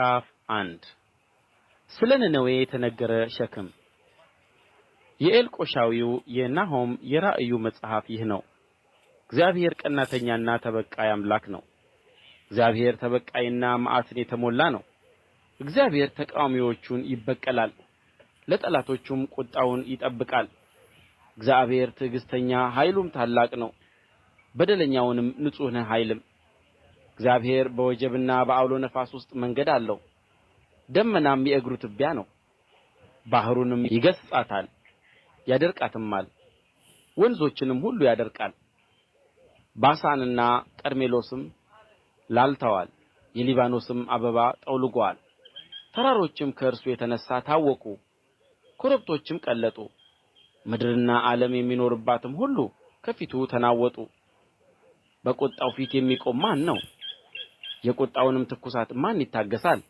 ምዕራፍ አንድ ስለ ነነዌ የተነገረ ሸክም የኤልቆሻዊው የናሆም የራእዩ መጽሐፍ ይህ ነው እግዚአብሔር ቀናተኛና ተበቃይ አምላክ ነው እግዚአብሔር ተበቃይና መዓትን የተሞላ ነው እግዚአብሔር ተቃዋሚዎቹን ይበቀላል ለጠላቶቹም ቍጣውን ይጠብቃል እግዚአብሔር ትዕግሥተኛ ኃይሉም ታላቅ ነው በደለኛውንም ንጹሕ ነህ አይልም እግዚአብሔር በወጀብና በዐውሎ ነፋስ ውስጥ መንገድ አለው ደመናም የእግሩ ትቢያ ነው ባሕሩንም ይገሥጻታል ያደርቃትማል ወንዞችንም ሁሉ ያደርቃል ባሳንና ቀርሜሎስም ላልተዋል የሊባኖስም አበባ ጠውልጎአል ተራሮችም ከእርሱ የተነሣ ታወቁ። ኮረብቶችም ቀለጡ ምድርና ዓለም የሚኖርባትም ሁሉ ከፊቱ ተናወጡ በቍጣው ፊት የሚቆም ማን ነው የቁጣውንም ትኵሳት ማን ይታገሣል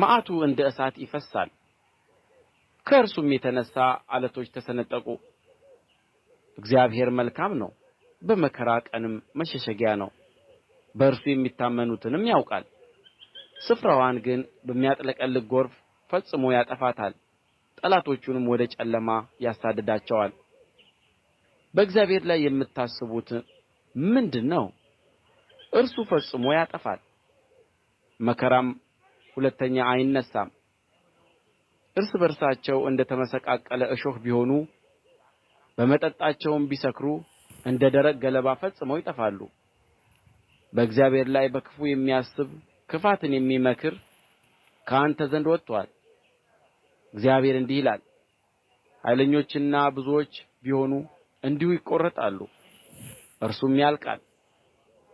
መዓቱ እንደ እሳት ይፈስሳል ከእርሱም የተነሣ ዓለቶች ተሰነጠቁ እግዚአብሔር መልካም ነው በመከራ ቀንም መሸሸጊያ ነው በእርሱ የሚታመኑትንም ያውቃል ስፍራዋን ግን በሚያጥለቀልቅ ጎርፍ ፈጽሞ ያጠፋታል ጠላቶቹንም ወደ ጨለማ ያሳድዳቸዋል በእግዚአብሔር ላይ የምታስቡት ምንድር ነው እርሱ ፈጽሞ ያጠፋል መከራም ሁለተኛ አይነሣም እርስ በርሳቸው እንደ ተመሰቃቀለ እሾህ ቢሆኑ በመጠጣቸውም ቢሰክሩ እንደ ደረቅ ገለባ ፈጽመው ይጠፋሉ በእግዚአብሔር ላይ በክፉ የሚያስብ ክፋትን የሚመክር ከአንተ ዘንድ ወጥቶአል እግዚአብሔር እንዲህ ይላል ኃይለኞችና ብዙዎች ቢሆኑ እንዲሁ ይቈረጣሉ እርሱም ያልቃል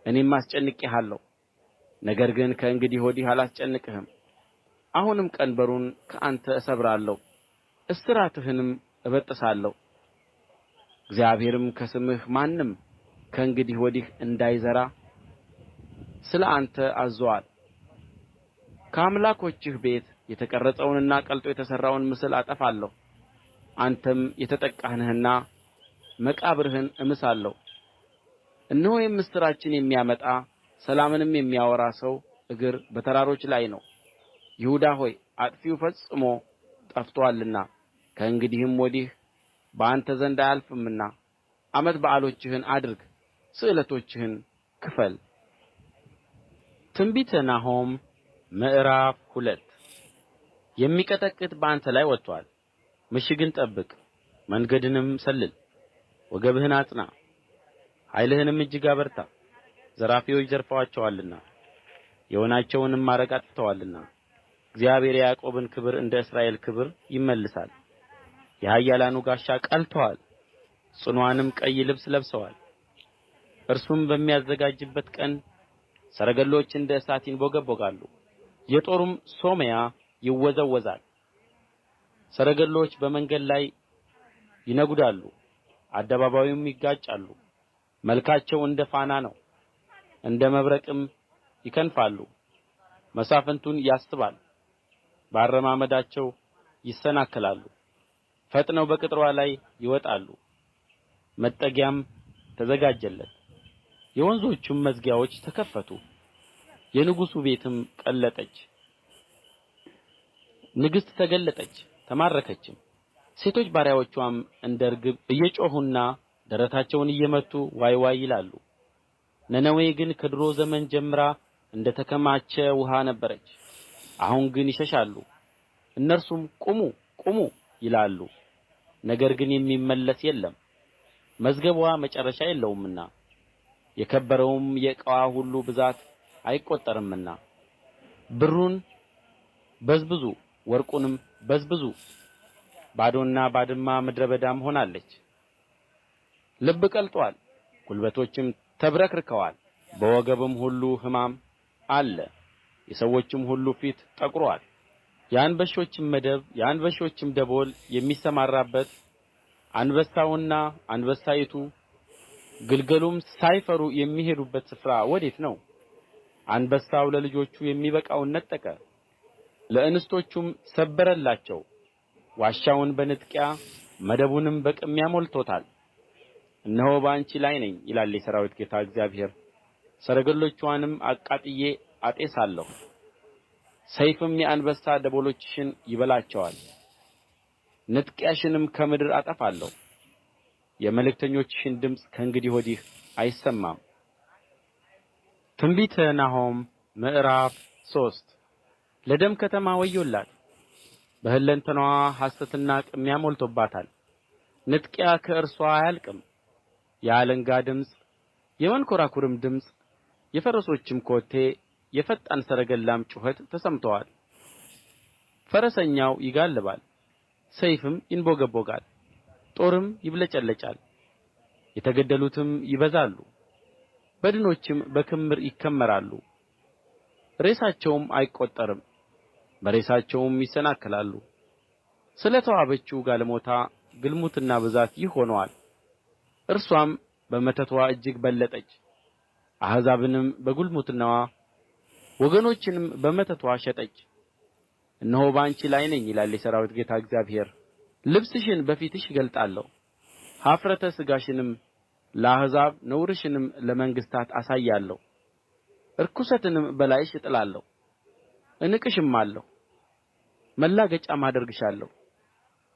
እኔም አስጨንቄሃለሁ ነገር ግን ከእንግዲህ ወዲህ አላስጨንቅህም አሁንም ቀንበሩን ከአንተ እሰብራለሁ እስራትህንም እበጥሳለሁ እግዚአብሔርም ከስምህ ማንም ከእንግዲህ ወዲህ እንዳይዘራ ስለ አንተ አዝዞአል ከአምላኮችህ ቤት የተቀረጸውንና ቀልጦ የተሠራውን ምስል አጠፋለሁ አንተም የተጠቃህ ነህና መቃብርህን እምሳለሁ እነሆ የምስራችን የሚያመጣ ሰላምንም የሚያወራ ሰው እግር በተራሮች ላይ ነው ይሁዳ ሆይ አጥፊው ፈጽሞ ጠፍቶአልና ከእንግዲህም ወዲህ በአንተ ዘንድ አያልፍምና ዓመት በዓሎችህን አድርግ ስእለቶችህን ክፈል ትንቢተ ናሆም ምዕራፍ ሁለት የሚቀጠቅጥ በአንተ ላይ ወጥቶአል ምሽግን ጠብቅ መንገድንም ሰልል ወገብህን አጽና ኃይልህንም እጅግ አበርታ ዘራፊዎች ዘርፈዋቸዋልና የወይናቸውንም ማረግ አጥፍተዋልና እግዚአብሔር የያዕቆብን ክብር እንደ እስራኤል ክብር ይመልሳል የኃያላኑ ጋሻ ቀልቶአል ጽኑዓንም ቀይ ልብስ ለብሰዋል እርሱም በሚያዘጋጅበት ቀን ሰረገሎች እንደ እሳት ይንቦገቦጋሉ የጦሩም ሶመያ ይወዘወዛል። ሰረገሎች በመንገድ ላይ ይነጉዳሉ አደባባዩም ይጋጫሉ መልካቸው እንደ ፋና ነው እንደ መብረቅም ይከንፋሉ መሳፍንቱን ያስባል በአረማመዳቸው ይሰናከላሉ ፈጥነው በቅጥርዋ ላይ ይወጣሉ መጠጊያም ተዘጋጀለት የወንዞቹም መዝጊያዎች ተከፈቱ የንጉሡ ቤትም ቀለጠች ንግሥት ተገለጠች ተማረከችም ሴቶች ባሪያዎችዋም እንደ ርግብ እየጮኹና ደረታቸውን እየመቱ ዋይ ዋይ ይላሉ ነነዌ ግን ከድሮ ዘመን ጀምራ እንደ ተከማቸ ውሃ ነበረች አሁን ግን ይሸሻሉ እነርሱም ቁሙ ቁሙ ይላሉ ነገር ግን የሚመለስ የለም መዝገቧ መጨረሻ የለውምና የከበረውም የዕቃዋ ሁሉ ብዛት አይቈጠርምና ብሩን በዝብዙ ወርቁንም በዝብዙ ባዶና ባድማ ምድረ በዳም ሆናለች ልብ ቀልጦአል ጕልበቶችም ተብረክርከዋል በወገብም ሁሉ ሕማም አለ የሰዎችም ሁሉ ፊት ጠቍሮአል የአንበሾችም መደብ የአንበሾችም ደቦል የሚሰማራበት አንበሳውና አንበሳይቱ ግልገሉም ሳይፈሩ የሚሄዱበት ስፍራ ወዴት ነው አንበሳው ለልጆቹ የሚበቃውን ነጠቀ ለእንስቶቹም ሰበረላቸው ዋሻውን በንጥቂያ መደቡንም በቅሚያ ሞልቶታል እነሆ በአንቺ ላይ ነኝ ይላል የሠራዊት ጌታ እግዚአብሔር ሰረገሎችዋንም አቃጥዬ አጤሳለሁ ሰይፍም የአንበሳ ደቦሎችሽን ይበላቸዋል ንጥቂያሽንም ከምድር አጠፋለሁ የመልእክተኞችሽን ድምፅ ከእንግዲህ ወዲህ አይሰማም ትንቢተ ናሆም ምዕራፍ ሶስት ለደም ከተማ ወዮላት በሁለንተናዋ ሐሰትና ቅሚያ ሞልቶባታል ንጥቂያ ከእርሷ አያልቅም የአለንጋ ድምፅ የመንኰራኵርም ድምፅ የፈረሶችም ኮቴ የፈጣን ሰረገላም ጩኸት ተሰምቶአል ፈረሰኛው ይጋልባል ሰይፍም ይንቦገቦጋል ጦርም ይብለጨለጫል የተገደሉትም ይበዛሉ በድኖችም በክምር ይከመራሉ ሬሳቸውም አይቈጠርም በሬሳቸውም ይሰናከላሉ ስለ ተዋበችው ጋለሞታ ግልሙትና ብዛት ይህ ሆኖአል እርስዋም በመተትዋ እጅግ በለጠች አሕዛብንም በግልሙትናዋ ወገኖችንም በመተትዋ ሸጠች እነሆ በአንቺ ላይ ነኝ ይላል የሠራዊት ጌታ እግዚአብሔር ልብስሽን በፊትሽ እገልጣለሁ ኀፍረተ ሥጋሽንም ለአሕዛብ ነውርሽንም ለመንግሥታት አሳያለሁ ርኵሰትንም በላይሽ እጥላለሁ እንቅሽማለሁ መላገጫም አደርግሻለሁ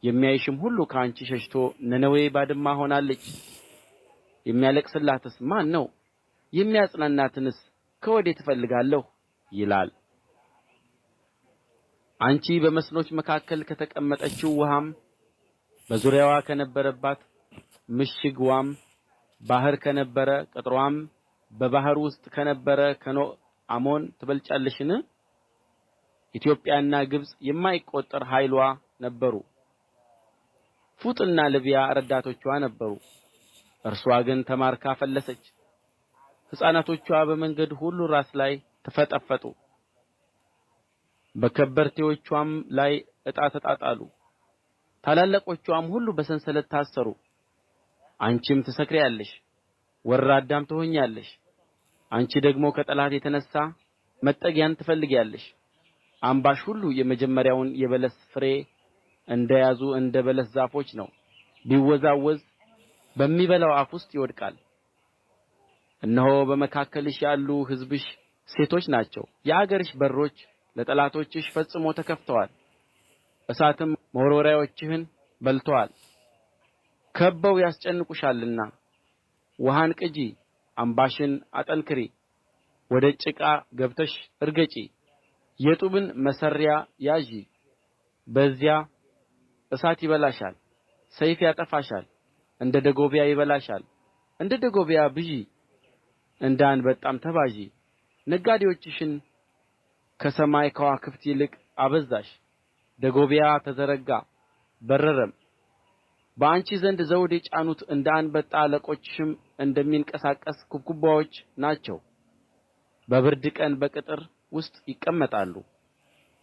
የሚያይሽም ሁሉ ከአንቺ ሸሽቶ ነነዌ ባድማ ሆናለች የሚያለቅስላትስ ማን ነው የሚያጽናናትንስ ከወዴት እፈልጋለሁ ይላል አንቺ በመስኖች መካከል ከተቀመጠችው ውሃም በዙሪያዋ ከነበረባት ምሽግዋም ባሕር ከነበረ ቅጥሯም በባሕር ውስጥ ከነበረ ከኖ አሞን ትበልጫለሽን ኢትዮጵያና ግብጽ የማይቈጠር ኃይሏ ነበሩ ፉጥና ልብያ ረዳቶችዋ ነበሩ እርስዋ ግን ተማርካ ፈለሰች ሕፃናቶችዋ በመንገድ ሁሉ ራስ ላይ ተፈጠፈጡ በከበርቴዎችዋም ላይ ዕጣ ተጣጣሉ ታላላቆችዋም ሁሉ በሰንሰለት ታሰሩ አንቺም ትሰክሪአለሽ ወራዳም ትሆኛለሽ አንቺ ደግሞ ከጠላት የተነሣ መጠጊያን ትፈልጊያለሽ። አምባሽ ሁሉ የመጀመሪያውን የበለስ ፍሬ እንደ ያዙ እንደ በለስ ዛፎች ነው ቢወዛወዝ በሚበላው አፍ ውስጥ ይወድቃል እነሆ በመካከልሽ ያሉ ሕዝብሽ ሴቶች ናቸው የአገርሽ በሮች ለጠላቶችሽ ፈጽሞ ተከፍተዋል እሳትም መወርወሪያዎችህን በልቶአል ከበው ያስጨንቁሻልና ውሃን ቅጂ አምባሽን አጠንክሪ ወደ ጭቃ ገብተሽ እርገጪ የጡብን መሠሪያ ያዢ በዚያ እሳት ይበላሻል ሰይፍ ያጠፋሻል እንደ ደጎብያ ይበላሻል እንደ ደጎብያ ብዢ እንደ አንበጣም ተባዢ ነጋዴዎችሽን ከሰማይ ከዋክብት ይልቅ አበዛሽ ደጎብያ ተዘረጋ በረረም በአንቺ ዘንድ ዘውድ የጫኑት እንደ አንበጣ አለቆችሽም እንደሚንቀሳቀስ ኩብኩባዎች ናቸው በብርድ ቀን በቅጥር ውስጥ ይቀመጣሉ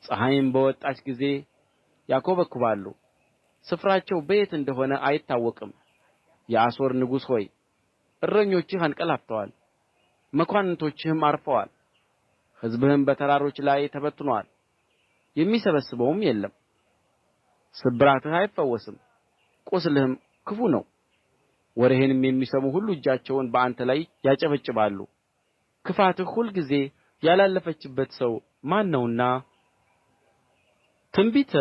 ፀሐይም በወጣች ጊዜ ያኮበኩባሉ። ስፍራቸው በየት እንደ ሆነ አይታወቅም የአሦር ንጉሥ ሆይ እረኞችህ አንቀላፍተዋል መኳንንቶችህም ዐርፈዋል ሕዝብህም በተራሮች ላይ ተበትኖአል የሚሰበስበውም የለም ስብራትህ አይፈወስም ቍስልህም ክፉ ነው ወሬህንም የሚሰሙ ሁሉ እጃቸውን በአንተ ላይ ያጨበጭባሉ ክፋትህ ሁልጊዜ ያላለፈችበት ሰው ማን ነውና ትንቢተ